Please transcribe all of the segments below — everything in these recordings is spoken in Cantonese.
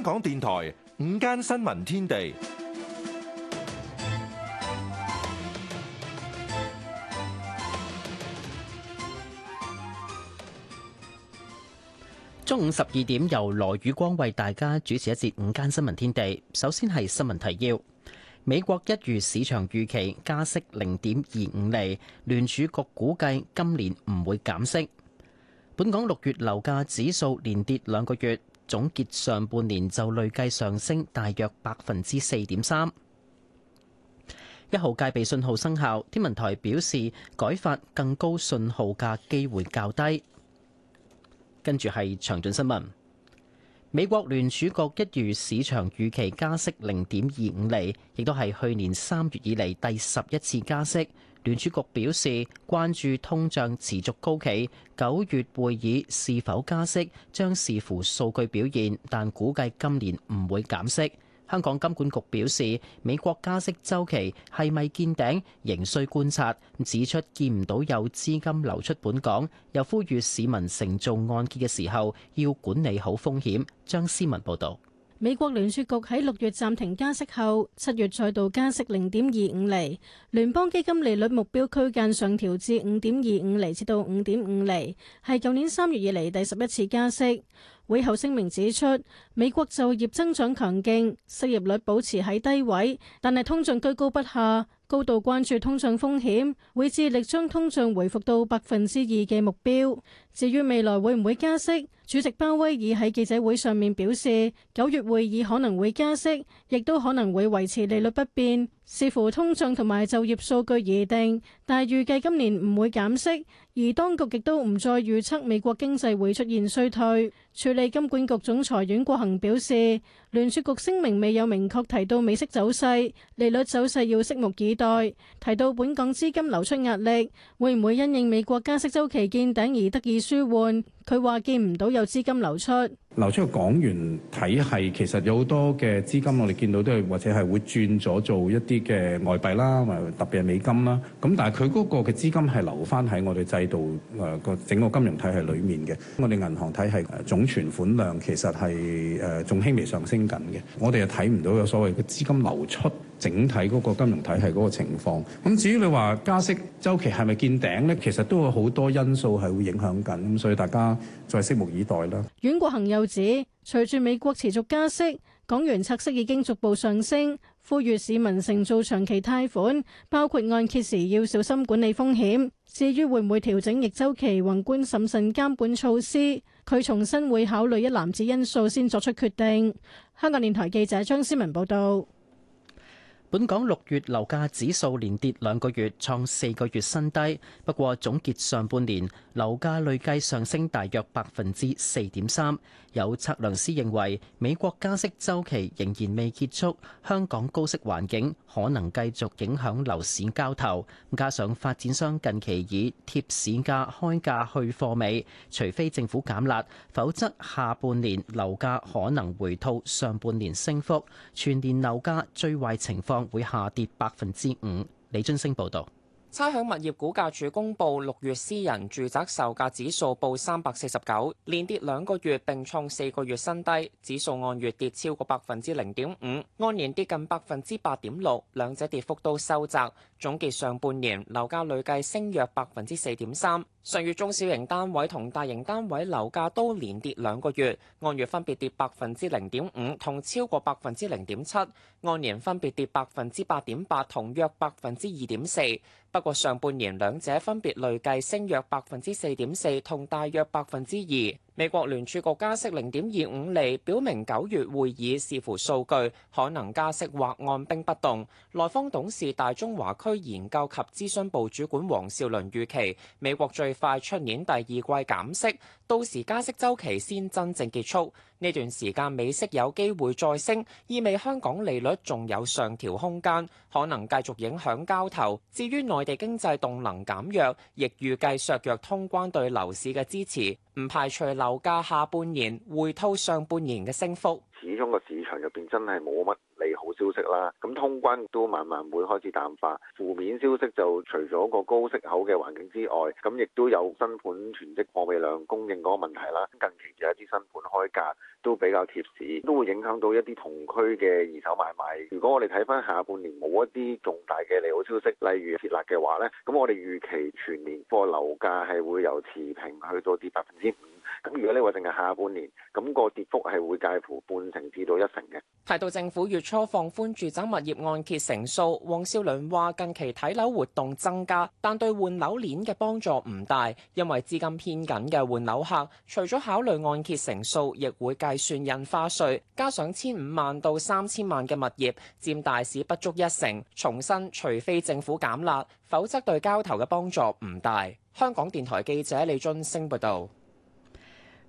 香港電台午間新聞天地，中午十二點由羅宇光為大家主持一節午間新聞天地。首先係新聞提要：美國一如市場預期加息零點二五厘，聯儲局估計今年唔會減息。本港六月樓價指數連跌兩個月。總結上半年就累計上升大約百分之四點三。一號戒備信號生效，天文台表示改發更高信號嘅機會較低。跟住係詳盡新聞。美國聯儲局一如市場預期加息零點二五厘，亦都係去年三月以嚟第十一次加息。聯儲局表示關注通脹持續高企，九月會議是否加息將視乎數據表現，但估計今年唔會減息。香港金管局表示，美國加息周期係咪見頂，仍需觀察，指出見唔到有資金流出本港，又呼籲市民承做按揭嘅時候要管理好風險。張思文報導。美國聯儲局喺六月暫停加息後，七月再度加息零點二五厘，聯邦基金利率目標區間上調至五點二五厘至到五點五厘，係舊年三月以嚟第十一次加息。會後聲明指出，美國就業增長強勁，失業率保持喺低位，但係通脹居高不下，高度關注通脹風險，會致力將通脹回復到百分之二嘅目標。至於未來會唔會加息？主席鮑威爾喺記者會上面表示，九月會議可能會加息，亦都可能會維持利率不變，視乎通脹同埋就業數據而定。但係預計今年唔會減息，而當局亦都唔再預測美國經濟會出現衰退。處理金管局總裁阮國恒表示，聯儲局聲明未有明確提到美息走勢，利率走勢要拭目以待。提到本港資金流出壓力，會唔會因應美國加息周期見頂而得以舒緩？佢話見唔到有資金流出。流出嘅港元體系，其實有好多嘅資金，我哋見到都係或者係會轉咗做一啲嘅外幣啦，或特別係美金啦。咁但係佢嗰個嘅資金係留翻喺我哋制度，誒個、呃、整個金融體系裏面嘅。我哋銀行體系、呃、總存款量其實係誒仲輕微上升緊嘅。我哋又睇唔到有所謂嘅資金流出整體嗰個金融體系嗰個情況。咁至於你話加息周期係咪見頂咧？其實都有好多因素係會影響緊。咁所以大家。再拭目以待啦。阮國恒又指，隨住美國持續加息，港元拆息已經逐步上升，呼籲市民乘做長期貸款，包括按揭時要小心管理風險，至於會唔會調整逆周期宏觀審慎監管措施，佢重新會考慮一籃子因素先作出決定。香港電台記者張思文報道。本港六月樓價指數連跌兩個月，創四個月新低。不過總結上半年樓價累計上升大約百分之四點三。有測量師認為，美國加息周期仍然未結束，香港高息環境可能繼續影響樓市交投。加上發展商近期以貼市價開價去貨尾，除非政府減辣，否則下半年樓價可能回吐上半年升幅。全年樓價最壞情況，會下跌百分之五。李津升報道。差餉物業估價署公布六月私人住宅售價指數報三百四十九，連跌兩個月，並創四個月新低。指數按月跌超過百分之零點五，按年跌近百分之八點六，兩者跌幅都收窄。總結上半年樓價累計升約百分之四點三。上月中小型單位同大型單位樓價都連跌兩個月，按月分別跌百分之零點五同超過百分之零點七，按年分別跌百分之八點八同約百分之二點四。不過，上半年兩者分別累計升約百分之四點四同大約百分之二。美國聯儲局加息零點二五厘，表明九月會議視乎數據可能加息或按兵不動。內方董事大中華區研究及諮詢部主管黃少麟預期美國最快出年第二季減息，到時加息週期先真正結束。呢段時間美息有機會再升，意味香港利率仲有上調空間，可能繼續影響交投。至於內地經濟動能減弱，亦預計削弱通關對樓市嘅支持，唔排除樓價下半年回吐上半年嘅升幅。始終個市場入面真係冇乜利好消息啦，咁通關都慢慢會開始淡化。負面消息就除咗個高息口嘅環境之外，咁亦都有新盤存積貨尾量供應嗰個問題啦。近期有一啲新盤開價都比較貼市，都會影響到一啲同區嘅二手買賣，如果我哋睇翻下半年冇一啲重大嘅利好消息，例如設立嘅話咧，咁我哋預期全年貨樓價係會由持平去到跌百分之咁如果你話淨係下半年，咁個跌幅係會介乎半成至到一成嘅。提到政府月初放寬住宅物業按揭成數，黃少亮話近期睇樓活動增加，但對換樓鏈嘅幫助唔大，因為資金偏緊嘅換樓客，除咗考慮按揭成數，亦會計算印花稅。加上千五萬到三千萬嘅物業佔大市不足一成，重申除非政府減辣，否則對交投嘅幫助唔大。香港電台記者李俊升報道。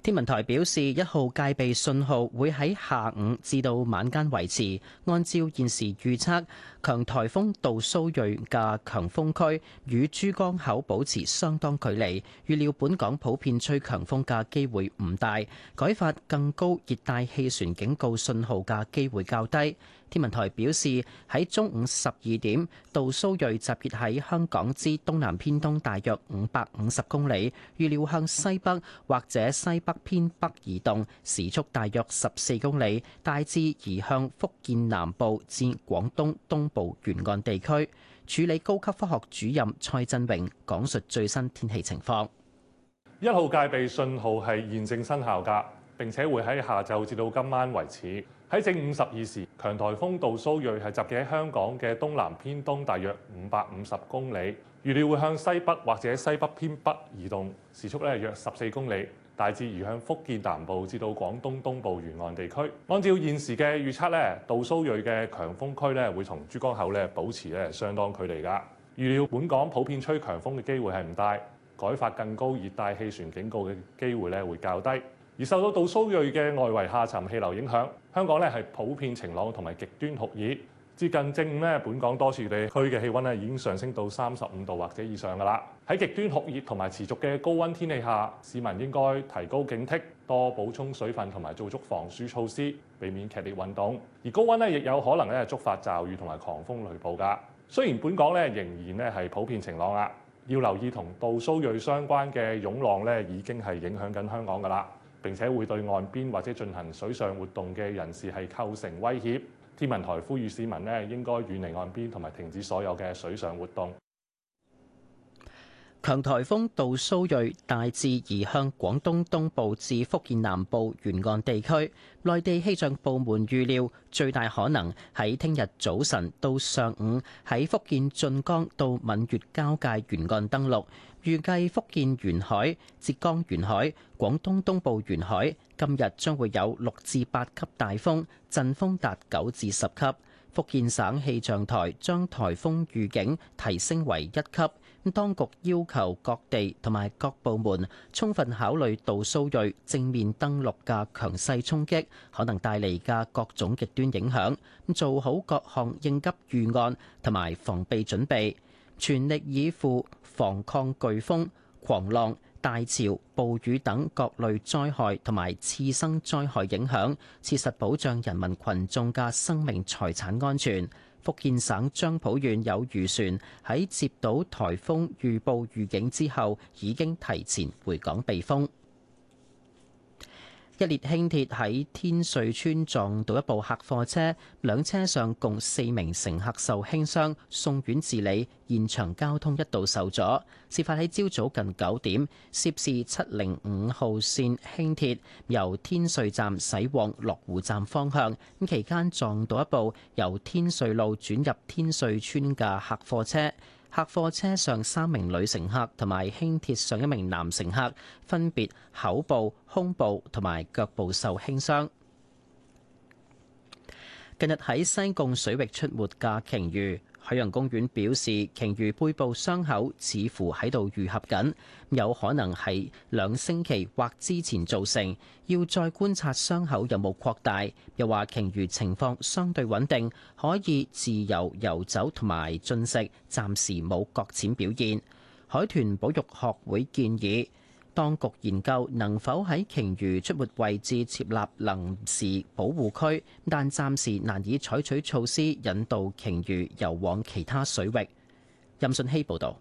天文台表示，一號戒備信號會喺下午至到晚間維持。按照現時預測，強颱風杜蘇芮嘅強風區與珠江口保持相當距離，預料本港普遍吹強風嘅機會唔大，改發更高熱帶氣旋警告信號嘅機會較低。天文台表示，喺中午十二點，杜蘇芮集結喺香港之東南偏東大約五百五十公里，預料向西北或者西北。北偏北移動，時速大約十四公里，大致移向福建南部至廣東東部沿岸地區。處理高級科學主任蔡振榮講述最新天氣情況。一號戒備信號係現正生效㗎，並且會喺下晝至到今晚為止。喺正午十二時，強颱風杜蘇芮係集結喺香港嘅東南偏東大約五百五十公里，預料會向西北或者西北偏北移動，時速咧約十四公里。大致移向福建南部至到廣東東部沿岸地區。按照現時嘅預測，咧，杜蘇芮嘅強風區咧會同珠江口咧保持咧相當距離㗎。預料本港普遍吹強風嘅機會係唔大，改發更高熱帶氣旋警告嘅機會咧會較低。而受到杜蘇芮嘅外圍下沉氣流影響，香港咧係普遍晴朗同埋極端酷熱。接近正午咧，本港多處地區嘅氣温咧已經上升到三十五度或者以上噶啦。喺極端酷熱同埋持續嘅高温天氣下，市民應該提高警惕，多補充水分同埋做足防暑措施，避免劇烈運動。而高温咧亦有可能咧觸發驟雨同埋狂風雷暴㗎。雖然本港咧仍然咧係普遍晴朗啦，要留意同杜蘇瑞相關嘅湧浪咧已經係影響緊香港㗎啦，並且會對岸邊或者進行水上活動嘅人士係構成威脅。天文台呼籲市民咧應該遠離岸邊，同埋停止所有嘅水上活動。強颱風杜蘇芮大致移向廣東東部至福建南部沿岸地區，內地氣象部門預料最大可能喺聽日早晨到上午，喺福建晉江到閩粵交界沿岸登陸。預計福建沿海、浙江沿海、廣東東部沿海今日將會有六至八級大風，陣風達九至十級。福建省氣象台將颱風預警提升為一級。咁當局要求各地同埋各部門充分考慮杜蘇芮正面登陸嘅強勢衝擊可能帶嚟嘅各種極端影響，做好各項應急預案同埋防備準備。全力以赴防抗颶風、狂浪、大潮、暴雨等各類災害同埋次生災害影響，切實保障人民群眾嘅生命財產安全。福建省漳浦縣有漁船喺接到台風預報預警之後已經提前回港避風。一列輕鐵喺天瑞村撞到一部客貨車，兩車上共四名乘客受輕傷，送院治理，現場交通一度受阻。事發喺朝早近九點，涉事七零五號線輕鐵由天瑞站駛往樂湖站方向，咁期間撞到一部由天瑞路轉入天瑞村嘅客貨車。客貨車上三名女乘客同埋輕鐵上一名男乘客，分別口部、胸部同埋腳部受輕傷。近日喺西貢水域出沒嘅鯨魚。海洋公園表示，鯨魚背部傷口似乎喺度愈合緊，有可能係兩星期或之前造成，要再觀察傷口有冇擴大。又話鯨魚情況相對穩定，可以自由遊走同埋進食，暫時冇擱淺表現。海豚保育學會建議。當局研究能否喺鯨魚出沒位置設立臨時保護區，但暫時難以採取措施引導鯨魚遊往其他水域。任信希報導。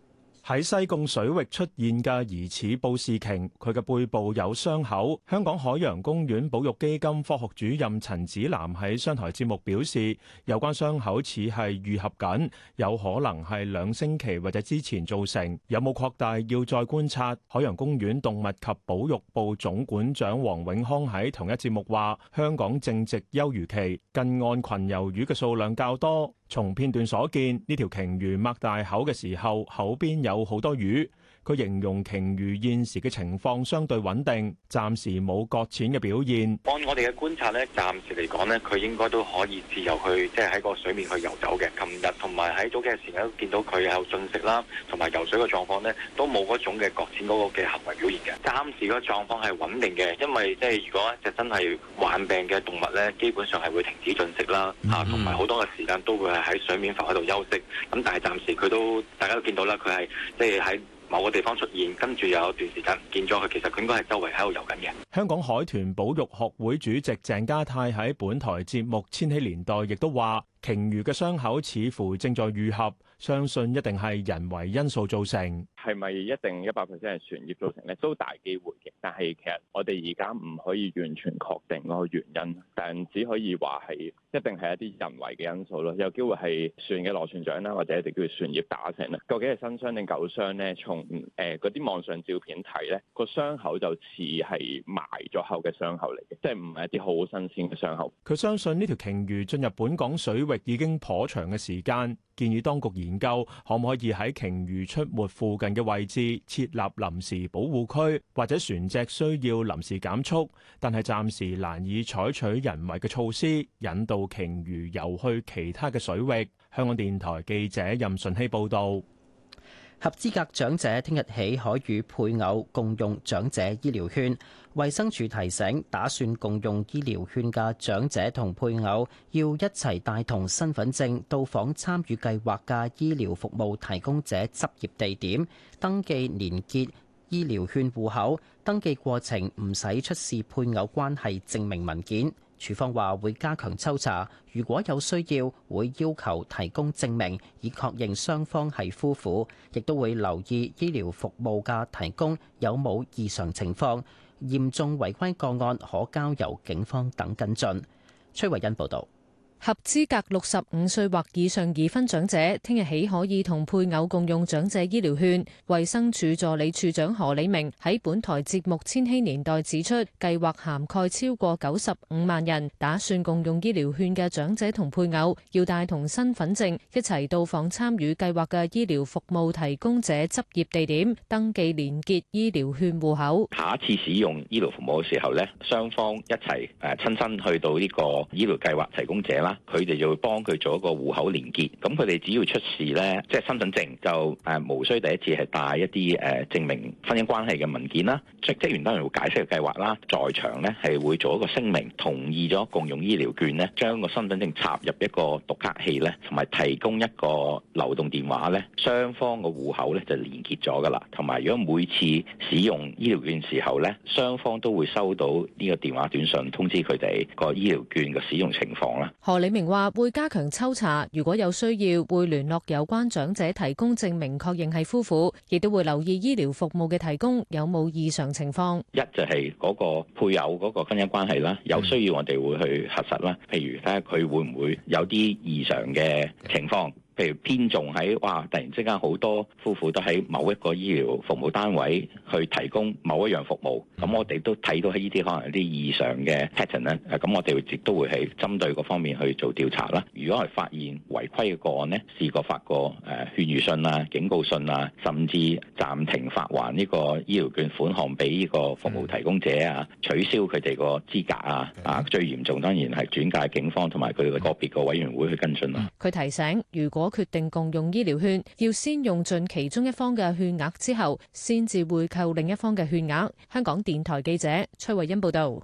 喺西貢水域出現嘅疑似布氏鯨，佢嘅背部有傷口。香港海洋公園保育基金科學主任陳子南喺商台節目表示，有關傷口似係愈合緊，有可能係兩星期或者之前造成。有冇擴大要再觀察。海洋公園動物及保育部總管長黃永康喺同一節目話香港正值休漁期，近岸群游魚嘅數量較多。從片段所見，呢條鯨魚擘大口嘅時候，口邊有好多魚。佢形容鯨魚現時嘅情況相對穩定，暫時冇擱淺嘅表現。按我哋嘅觀察咧，暫時嚟講咧，佢應該都可以自由去即係喺個水面去遊走嘅。琴日同埋喺早嘅時間都見到佢有進食啦，同埋游水嘅狀況咧都冇嗰種嘅擱淺嗰個嘅行為表現嘅。暫時嗰個狀況係穩定嘅，因為即係如果就真係患病嘅動物咧，基本上係會停止進食啦，嚇、mm，同埋好多嘅時間都會係喺水面浮喺度休息。咁但係暫時佢都大家都見到啦，佢係即係喺。某個地方出現，跟住有一段時間唔見咗佢，其實佢應該係周圍喺度遊緊嘅。香港海豚保育學會主席鄭家泰喺本台節目《千禧年代》亦都話。鯨魚嘅傷口似乎正在愈合，相信一定係人為因素造成。係咪一定一百 percent 係船葉造成咧？都大機會嘅，但係其實我哋而家唔可以完全確定嗰個原因，但只可以話係一定係一啲人為嘅因素咯。有機會係船嘅螺旋槳啦，或者一定叫船葉打成啦。究竟係新傷定舊傷咧？從誒嗰啲網上照片睇咧，個傷口就似係埋咗後嘅傷口嚟嘅，即係唔係一啲好新鮮嘅傷口。佢相信呢條鯨魚進入本港水域已經頗長嘅時間，建議當局研究可唔可以喺鯨魚出沒附近嘅位置設立臨時保護區，或者船隻需要臨時減速，但係暫時難以採取人為嘅措施，引導鯨魚游去其他嘅水域。香港電台記者任順希報道。合資格長者聽日起可與配偶共用長者醫療券。衛生署提醒，打算共用醫療券嘅長者同配偶要一齊帶同身份證到訪參與計劃嘅醫療服務提供者執業地點，登記連結醫療券戶口。登記過程唔使出示配偶關係證明文件。處方話會加強抽查，如果有需要，會要求提供證明，以確認雙方係夫婦，亦都會留意醫療服務嘅提供有冇異常情況。嚴重違規個案可交由警方等跟進。崔慧恩報導。合資格六十五歲或以上已婚長者，聽日起可以同配偶共用長者醫療券。衛生署助理署長何李明喺本台節目《千禧年代》指出，計劃涵蓋超過九十五萬人，打算共用醫療券嘅長者同配偶，要帶同身份證一齊到訪參與計劃嘅醫療服務提供者執業地點登記連結醫療券戶口。下一次使用醫療服務嘅時候呢，雙方一齊誒親身去到呢個醫療計劃提供者啦。佢哋就會幫佢做一個戶口連結，咁佢哋只要出示咧，即、就、係、是、身份證就誒無需第一次係帶一啲誒證明婚姻關係嘅文件啦。即即係當然人會解釋嘅計劃啦，在場咧係會做一個聲明同意咗共用醫療券咧，將個身份證插入一個讀卡器咧，同埋提供一個流動電話咧，雙方嘅戶口咧就連結咗噶啦。同埋如果每次使用醫療券時候咧，雙方都會收到呢個電話短信通知佢哋個醫療券嘅使用情況啦。李明話會加強抽查，如果有需要會聯絡有關長者提供證明確認係夫婦，亦都會留意醫療服務嘅提供有冇異常情況。一就係嗰個配偶嗰個婚姻關係啦，有需要我哋會去核實啦，譬如睇下佢會唔會有啲異常嘅情況。譬如偏重喺哇，突然之間好多夫婦都喺某一個醫療服務單位去提供某一樣服務，咁我哋都睇到喺呢啲可能有啲異常嘅 pattern 咧，咁我哋亦都會係針對嗰方面去做調查啦。如果係發現違規嘅個案咧，試過發過誒勸喻信啊、警告信啊，甚至暫停發還呢個醫療券款項俾呢個服務提供者啊，取消佢哋個資格啊，啊最嚴重當然係轉介警方同埋佢哋個別個委員會去跟進啦、啊。佢提醒，如果決定共用醫療券，要先用盡其中一方嘅券額之後，先至會扣另一方嘅券額。香港電台記者崔慧欣報道。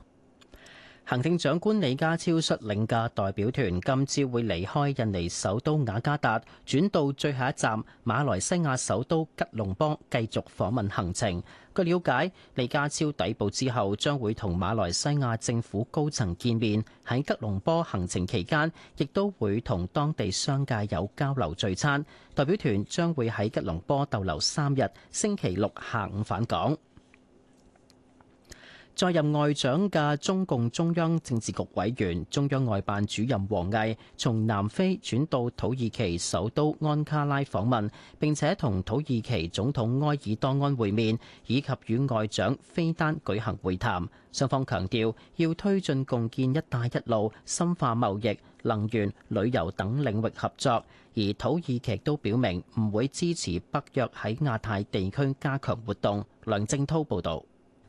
行政長官李家超率領嘅代表團今朝會離開印尼首都雅加達，轉到最後一站馬來西亞首都吉隆坡，繼續訪問行程。據了解，李家超抵埗之後將會同馬來西亞政府高層見面。喺吉隆坡行程期間，亦都會同當地商界友交流聚餐。代表團將會喺吉隆坡逗留三日，星期六下午返港。再任外長嘅中共中央政治局委員、中央外辦主任王毅，從南非轉到土耳其首都安卡拉訪問，並且同土耳其總統埃爾多安會面，以及與外長菲丹舉行會談，雙方強調要推進共建「一帶一路」、深化貿易、能源、旅遊等領域合作。而土耳其都表明唔會支持北約喺亞太地區加強活動，梁正濤報道。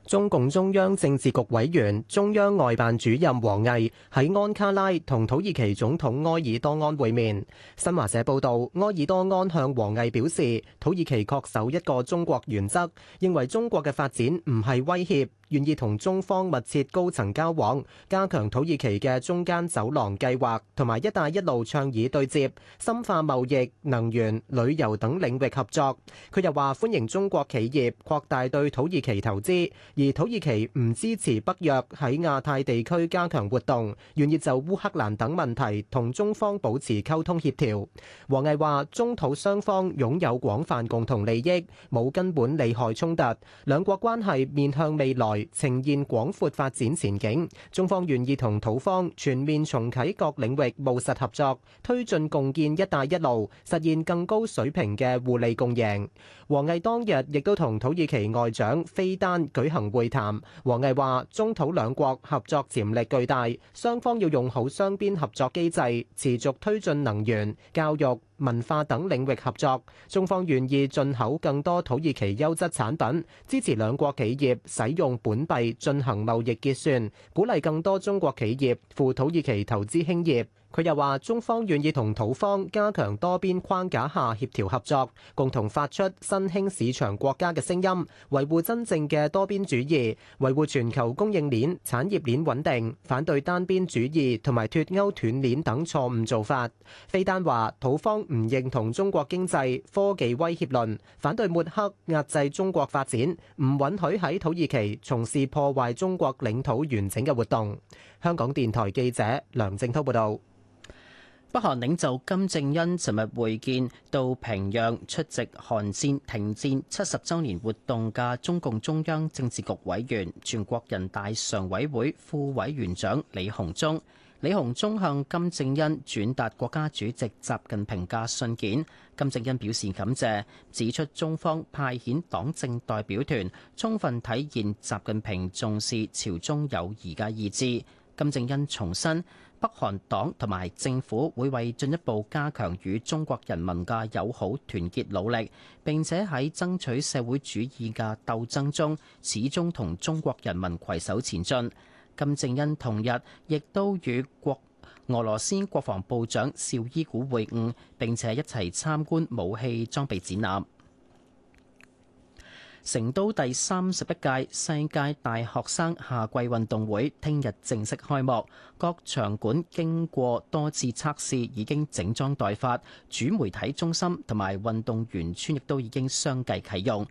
中共中央政治局委員、中央外辦主任王毅喺安卡拉同土耳其總統埃爾多安會面。新華社報導，埃爾多安向王毅表示，土耳其確守一個中國原則，認為中國嘅發展唔係威脅。願意同中方密切高層交往，加強土耳其嘅中間走廊計劃，同埋一帶一路倡議對接，深化貿易、能源、旅遊等領域合作。佢又話歡迎中國企業擴大對土耳其投資，而土耳其唔支持北約喺亞太地區加強活動，願意就烏克蘭等問題同中方保持溝通協調。王毅話，中土雙方擁有廣泛共同利益，冇根本利害衝突，兩國關係面向未來。呈現廣闊發展前景，中方願意同土方全面重啟各領域務實合作，推進共建“一帶一路”，實現更高水平嘅互利共贏。王毅當日亦都同土耳其外長菲丹舉行會談。王毅話：中土兩國合作潛力巨大，雙方要用好雙邊合作機制，持續推進能源、教育。文化等領域合作，中方願意進口更多土耳其優質產品，支持兩國企業使用本幣進行貿易結算，鼓勵更多中國企業赴土耳其投資興業。佢又話：中方願意同土方加強多邊框架下協調合作，共同發出新興市場國家嘅聲音，維護真正嘅多邊主義，維護全球供應鏈、產業鏈穩定，反對單邊主義同埋脫鉤斷鏈等錯誤做法。菲丹話：土方唔認同中國經濟科技威脅論，反對抹黑壓制中國發展，唔允許喺土耳其從事破壞中國領土完整嘅活動。香港電台記者梁正滔報道。北韓領袖金正恩尋日會見到平壤出席韓戰停戰七十週年活動嘅中共中央政治局委員、全國人大常委會副委員長李鴻忠。李鴻忠向金正恩轉達國家主席習近平嘅信件。金正恩表示感謝，指出中方派遣黨政代表團，充分體現習近平重視朝中友誼嘅意志。金正恩重申，北韓黨同埋政府會為進一步加強與中國人民嘅友好團結努力，並且喺爭取社會主義嘅鬥爭中，始終同中國人民攜手前進。金正恩同日亦都與俄羅斯國防部長邵伊古會晤，並且一齊參觀武器裝備展覽。成都第三十一屆世界大學生夏季運動會聽日正式開幕，各場館經過多次測試已經整裝待發，主媒體中心同埋運動員村亦都已經相繼啟用。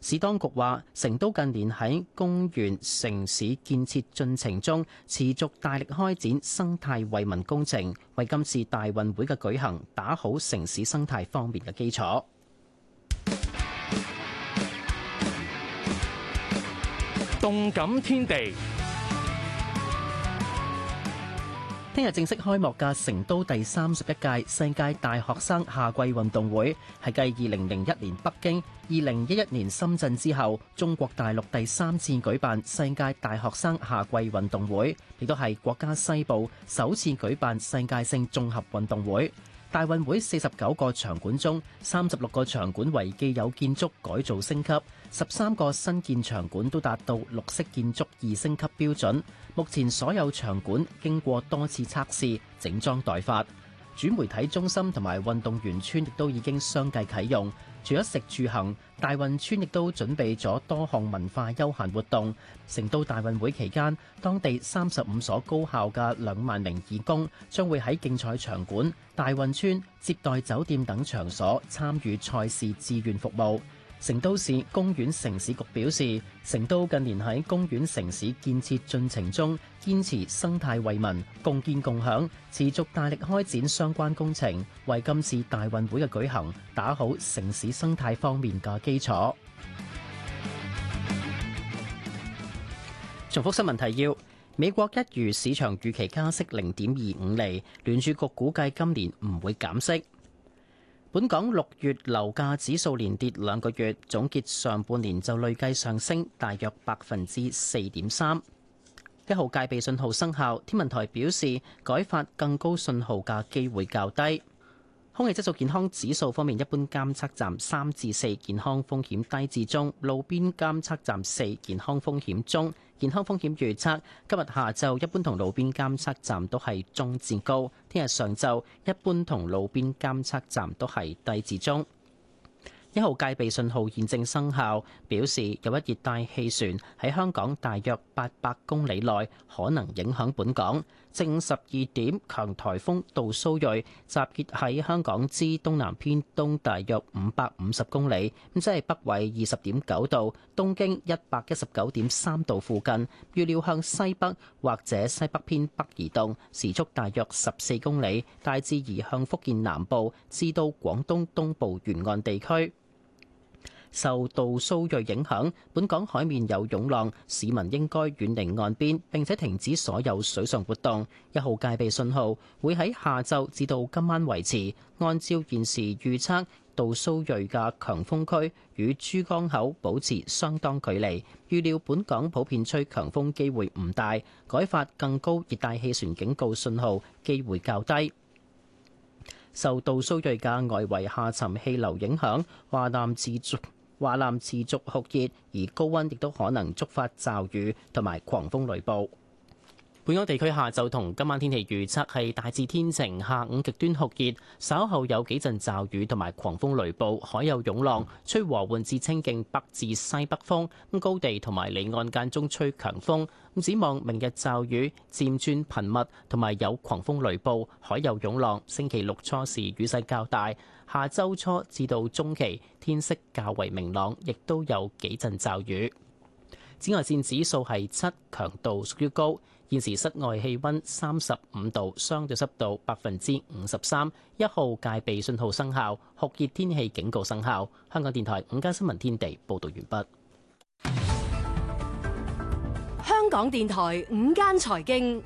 市當局話，成都近年喺公園城市建設進程中，持續大力開展生態惠民工程，為今次大運會嘅舉行打好城市生態方面嘅基礎。動感天地，聽日正式開幕嘅成都第三十一屆世界大學生夏季運動會，係繼二零零一年北京、二零一一年深圳之後，中國大陸第三次舉辦世界大學生夏季運動會，亦都係國家西部首次舉辦世界性綜合運動會。大運會四十九個場館中，三十六個場館為既有建築改造升級，十三個新建場館都達到綠色建築二星級標準。目前所有場館經過多次測試，整裝待發。主媒體中心同埋運動員村亦都已經相繼啟用，除咗食住行，大運村亦都準備咗多項文化休閒活動。成都大運會期間，當地三十五所高校嘅兩萬名義工將會喺競賽場館、大運村、接待酒店等場所參與賽事志願服務。成都市公園城市局表示，成都近年喺公園城市建設進程中，堅持生態惠民、共建共享，持續大力開展相關工程，為今次大運會嘅舉行打好城市生態方面嘅基礎。 重複新聞提要：美國一如市場預期加息零點二五厘，聯儲局估計今年唔會減息。本港六月樓價指數連跌兩個月，總結上半年就累計上升大約百分之四點三。一號戒備信號生效，天文台表示改發更高信號嘅機會較低。空氣質素健康指數方面，一般監測站三至四，健康風險低至中；路邊監測站四，健康風險中。健康風險預測今日下晝一般同路邊監測站都係中至高，聽日上晝一般同路邊監測站都係低至中。一號戒備信號現正生效，表示有一熱帶氣旋喺香港大約八百公里內，可能影響本港。正午十二點，強颱風杜蘇芮，集結喺香港之東南偏東大約五百五十公里，咁即係北緯二十點九度、東經一百一十九點三度附近，預料向西北或者西北偏北移動，時速大約十四公里，大致移向福建南部至到廣東東部沿岸地區。受杜蘇芮影響，本港海面有湧浪，市民應該遠離岸邊，並且停止所有水上活動，一號戒備信號會喺下晝至到今晚維持。按照現時預測，杜蘇芮嘅強風區與珠江口保持相當距離，預料本港普遍吹強風機會唔大，改發更高熱帶氣旋警告信號機會較低。受杜蘇芮嘅外圍下沉氣流影響，華南至粵華南持續酷熱，而高溫亦都可能觸發驟雨同埋狂風雷暴。本港地區下晝同今晚天氣預測係大致天晴，下午極端酷熱，稍後有幾陣驟雨同埋狂風雷暴，海有湧浪，吹和緩至清勁北至西北風。咁高地同埋離岸間中吹強風。咁展望明日驟雨漸轉頻密，同埋有狂風雷暴，海有湧浪。星期六初時雨勢較大，下周初至到中期天色較為明朗，亦都有幾陣驟雨。紫外線指數係七，強度屬於高。現時室外氣溫三十五度，相對濕度百分之五十三，一號戒備信號生效，酷熱天氣警告生效。香港電台午間新聞天地報道完畢。香港電台午間財經，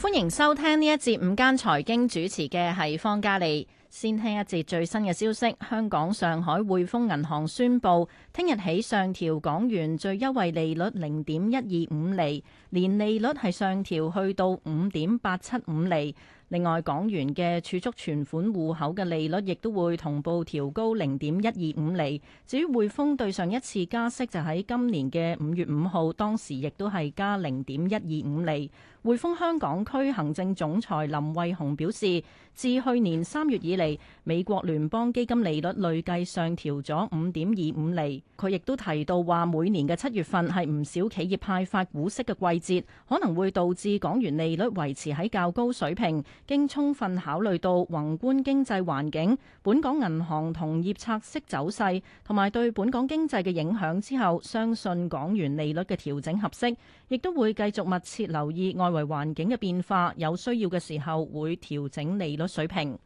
歡迎收聽呢一節午間財經，主持嘅係方嘉莉。先聽一節最新嘅消息。香港上海匯豐銀行宣布，聽日起上調港元最優惠利率零點一二五厘，年利率係上調去到五點八七五厘。另外，港元嘅儲蓄存款戶口嘅利率亦都會同步調高零點一二五厘。至於匯豐對上一次加息就喺今年嘅五月五號，當時亦都係加零點一二五厘。匯豐香港區行政總裁林慧虹表示，自去年三月以嚟，美國聯邦基金利率累計上調咗五點二五厘。佢亦都提到話，每年嘅七月份係唔少企業派發股息嘅季節，可能會導致港元利率維持喺較高水平。經充分考慮到宏觀經濟環境、本港銀行同業拆息走勢，同埋對本港經濟嘅影響之後，相信港元利率嘅調整合適。亦都會繼續密切留意外圍環境嘅變化，有需要嘅時候會調整利率水平。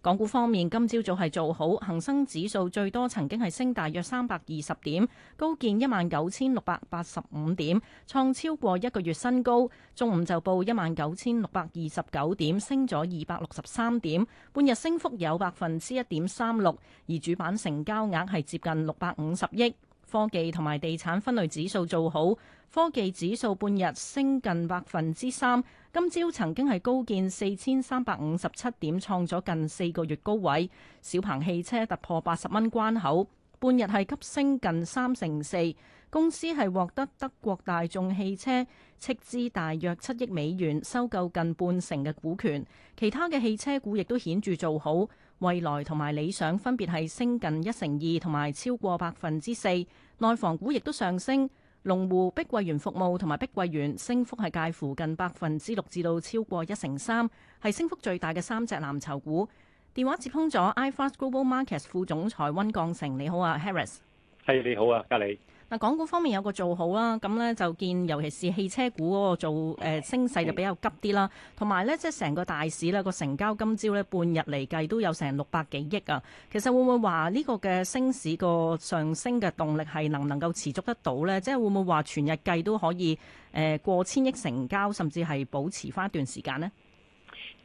港股方面，今朝早係做好，恒生指數最多曾經係升大約三百二十點，高見一萬九千六百八十五點，創超過一個月新高。中午就報一萬九千六百二十九點，升咗二百六十三點，半日升幅有百分之一點三六，而主板成交額係接近六百五十億。科技同埋地產分類指數做好，科技指數半日升近百分之三。今朝曾經係高見四千三百五十七點，創咗近四個月高位。小鵬汽車突破八十蚊關口，半日係急升近三成四。公司係獲得德國大眾汽車斥資大約七億美元，收購近半成嘅股權。其他嘅汽車股亦都顯著做好，未來同埋理想分別係升近一成二同埋超過百分之四。內房股亦都上升，龍湖、碧桂園服務同埋碧桂園升幅係介乎近百分之六至到超過一成三，係升幅最大嘅三隻藍籌股。電話接通咗 iFAST Global Markets 副總裁温鋼成，你好啊，Harris。係你好啊，嘉利。嗱，港股方面有個做好啦，咁咧就見尤其是汽車股嗰個做誒升勢就比較急啲啦，同埋咧即係成個大市咧個成交今朝咧半日嚟計都有成六百幾億啊。其實會唔會話呢個嘅升市個上升嘅動力係能唔能夠持續得到咧？即係會唔會話全日計都可以誒、呃、過千億成交，甚至係保持返一段時間呢？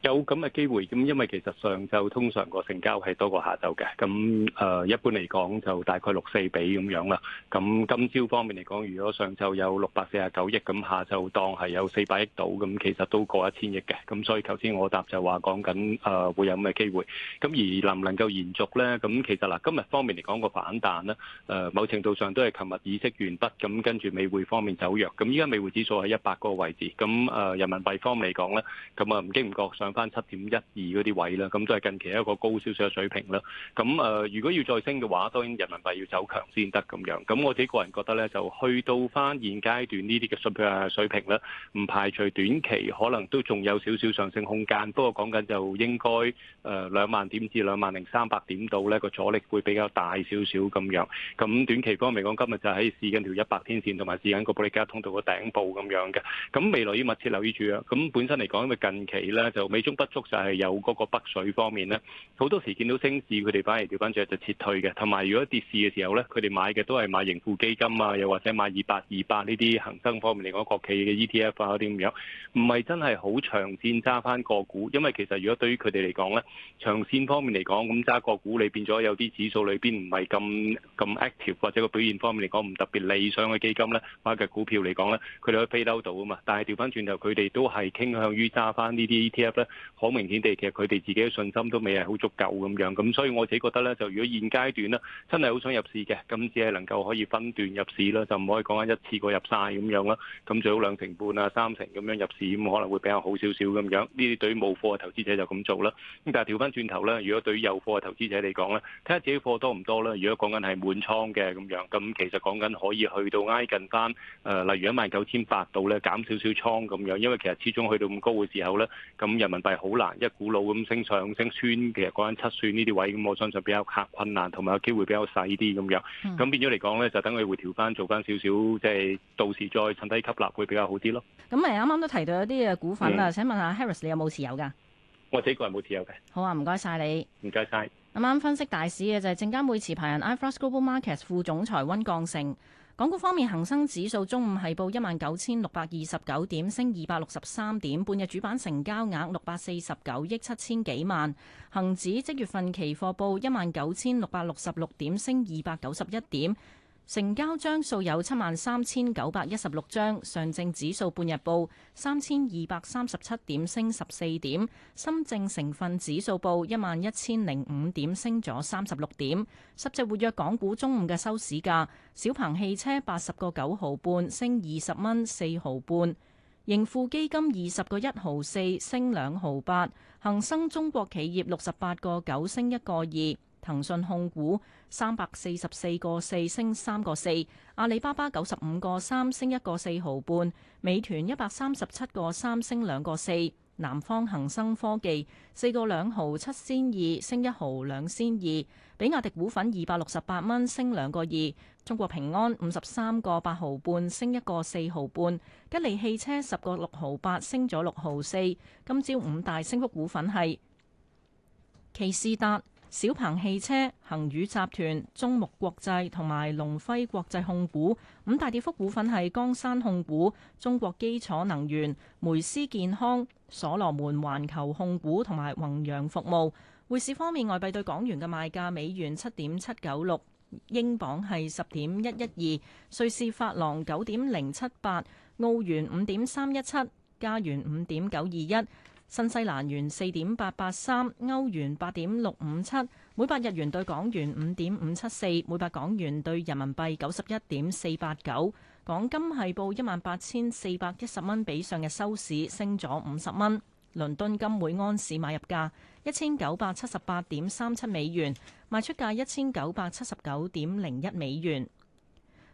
有咁嘅機會，咁因為其實上晝通常個成交係多過下晝嘅，咁誒一般嚟講就大概六四比咁樣啦。咁今朝方面嚟講，如果上晝有六百四十九億，咁下晝當係有四百億到，咁其實都過一千億嘅。咁所以頭先我答就話講緊誒會有咁嘅機會。咁而能唔能夠延續呢？咁其實嗱，今日方面嚟講個反彈呢，誒某程度上都係琴日議息完畢，咁跟住美匯方面走弱，咁依家美匯指數喺一百個位置，咁誒人民幣方面嚟講呢，咁啊唔經唔覺上翻七點一二嗰啲位啦，咁都係近期一個高少少嘅水平啦。咁誒，如果要再升嘅話，當然人民幣要走強先得咁樣。咁我自己個人覺得咧，就去到翻現階段呢啲嘅水平咧，唔排除短期可能都仲有少少上升空間。不過講緊就應該誒兩萬點至兩萬零三百點度，呢個阻力會比較大少少咁樣。咁短期方面講，今日就喺試緊條一百天線同埋試緊個保利加通道嘅頂部咁樣嘅。咁未來要密切留意住啊。咁本身嚟講，因為近期咧就未。始終不足就係有嗰個北水方面咧，好多時見到升市，佢哋反而調翻轉就撤退嘅。同埋如果跌市嘅時候呢，佢哋買嘅都係買盈富基金啊，又或者買二八二八呢啲恒生方面嚟講國企嘅 ETF 啊，啲咁樣，唔係真係好長線揸翻個股。因為其實如果對於佢哋嚟講呢，長線方面嚟講，咁揸個股你變咗有啲指數裏邊唔係咁咁 active，或者個表現方面嚟講唔特別理想嘅基金呢，買嘅股票嚟講呢，佢哋可以 pay low 到啊嘛。但係調翻轉頭佢哋都係傾向於揸翻呢啲 ETF 咧。好明顯地，其實佢哋自己嘅信心都未係好足夠咁樣，咁所以我自己覺得呢，就如果現階段呢，真係好想入市嘅，咁只係能夠可以分段入市啦，就唔可以講緊一次過入晒咁樣啦，咁最好兩成半啊、三成咁樣入市咁可能會比較好少少咁樣。呢啲對於冇貨嘅投資者就咁做啦。咁但係調翻轉頭呢，如果對於有貨嘅投資者嚟講呢，睇下自己貨多唔多啦。如果講緊係滿倉嘅咁樣，咁其實講緊可以去到挨近翻，誒、呃、例如一萬九千八度呢，減少少倉咁樣，因為其實始終去到咁高嘅時候呢。咁人民，係好難一股腦咁升上升穿，其實嗰間七算呢啲位，咁我相信比較卡困難，同埋有機會比較細啲咁樣。咁、嗯、變咗嚟講咧，就等佢回調翻，做翻少少，即、就、係、是、到時再趁低吸納，會比較好啲咯。咁誒，啱啱都提到一啲嘅股份啦，嗯、請問下 Harris，你有冇持有噶？我自己個人冇持有嘅。好啊，唔該晒你。唔該晒。啱啱分析大市嘅就係證監會持牌人 i Frost Global Markets 副總裁溫鋼勝。港股方面，恒生指數中午係報一萬九千六百二十九點，升二百六十三點。半日主板成交額六百四十九億七千幾萬。恒指即月份期貨報一萬九千六百六十六點，升二百九十一點。成交張數有七萬三千九百一十六張，上證指數半日報三千二百三十七點，升十四點；深證成分指數報一萬一千零五點，升咗三十六點。十隻活躍港股中午嘅收市價：小鵬汽車八十個九毫半，升二十蚊四毫半；盈富基金二十個一毫四，升兩毫八；恒生中國企業六十八個九，升一個二。騰訊控股三百四十四個四升三個四，阿里巴巴九十五個三升一個四毫半，美團一百三十七個三升兩個四，南方恒生科技四個兩毫七仙二升一毫兩仙二，比亞迪股份二百六十八蚊升兩個二，中國平安五十三個八毫半升一個四毫半，吉利汽車十個六毫八升咗六毫四。今朝五大升幅股份係奇士達。小鵬汽車、恒宇集團、中牧國際同埋龍輝國際控股。五大跌幅股份係江山控股、中國基礎能源、梅斯健康、所羅門環球控股同埋弘陽服務。匯市方面，外幣對港元嘅賣價：美元七點七九六，英鎊係十點一一二，瑞士法郎九點零七八，澳元五點三一七，加元五點九二一，新西蘭元四點八八三，歐元八點六五七，每百日元對港元五點五七四，每百港元對人民幣九十一點四八九。港金係報一萬八千四百一十蚊，比上嘅收市升咗五十蚊。倫敦金每盎司買入價一千九百七十八點三七美元，賣出價一千九百七十九點零一美元。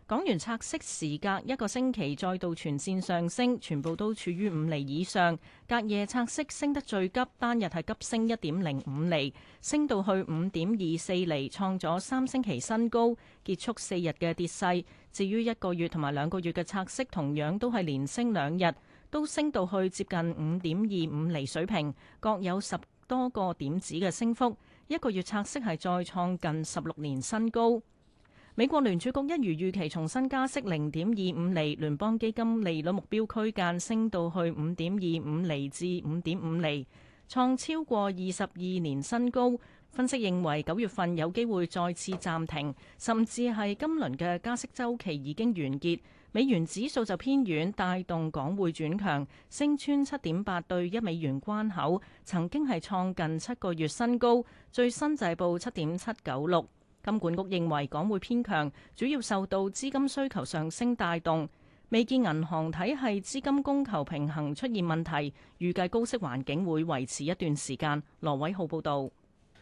港元拆息時隔一個星期再度全線上升，全部都處於五厘以上。隔夜拆息升得最急，單日係急升一點零五厘，升到去五點二四厘，創咗三星期新高，結束四日嘅跌勢。至於一個月同埋兩個月嘅拆息，同樣都係連升兩日，都升到去接近五點二五厘水平，各有十多個點子嘅升幅。一個月拆息係再創近十六年新高。美國聯儲局一如預期重新加息零點二五厘，聯邦基金利率目標區間升到去五點二五厘至五點五厘，創超過二十二年新高。分析認為九月份有機會再次暫停，甚至係今輪嘅加息週期已經完結。美元指數就偏軟，帶動港匯轉強，升穿七點八對一美元關口，曾經係創近七個月新高，最新暫報七點七九六。金管局認為港匯偏強，主要受到資金需求上升帶動，未見銀行體系資金供求平衡出現問題，預計高息環境會維持一段時間。羅偉浩報導。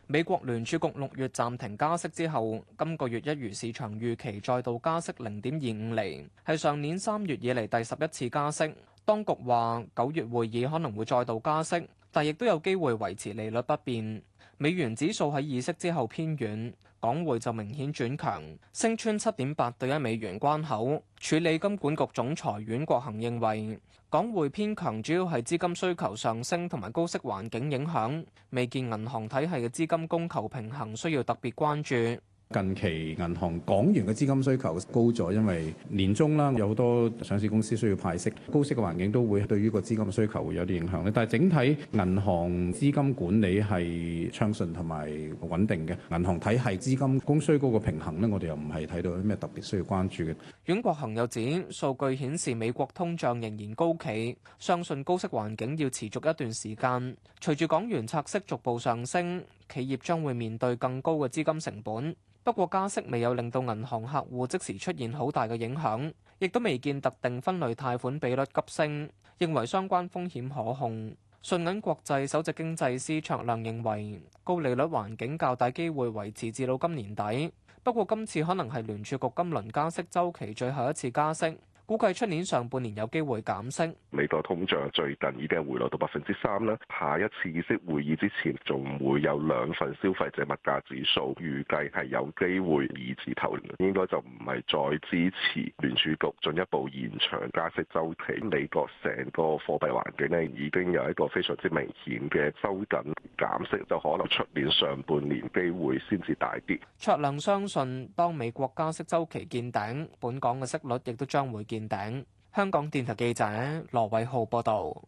美國聯儲局六月暫停加息之後，今個月一如市場預期再度加息零點二五厘，係上年三月以嚟第十一次加息。當局話九月會議可能會再度加息，但亦都有機會維持利率不變。美元指數喺議息之後偏軟，港匯就明顯轉強，升穿七點八對一美元關口。署理金管局總裁阮國恒認為，港匯偏強主要係資金需求上升同埋高息環境影響，未見銀行體系嘅資金供求平衡需要特別關注。近期銀行港元嘅資金需求高咗，因為年中啦，有好多上市公司需要派息，高息嘅環境都會對於個資金嘅需求會有啲影響咧。但係整體銀行資金管理係暢順同埋穩定嘅，銀行體系資金供需嗰個平衡咧，我哋又唔係睇到有咩特別需要關注嘅。阮國恒又指數據顯示美國通脹仍然高企，相信高息環境要持續一段時間。隨住港元拆息逐步上升，企業將會面對更高嘅資金成本，不過加息未有令到銀行客戶即時出現好大嘅影響，亦都未見特定分類貸款比率急升，認為相關風險可控。信銀國際首席經濟師卓亮認為，高利率環境較大機會維持至到今年底，不過今次可能係聯儲局今輪加息週期最後一次加息。估計出年上半年有機會減息。美國通脹最近已經回落到百分之三啦。下一次議息會議之前，仲會有兩份消費者物價指數，預計係有機會以至透涼，應該就唔係再支持聯儲局進一步延長加息週期。美國成個貨幣環境呢已經有一個非常之明顯嘅收緊，減息，就可能出年上半年機會先至大跌。卓亮相信，當美國加息週期見頂，本港嘅息率亦都將會。電頂香港電台記者羅偉浩報道。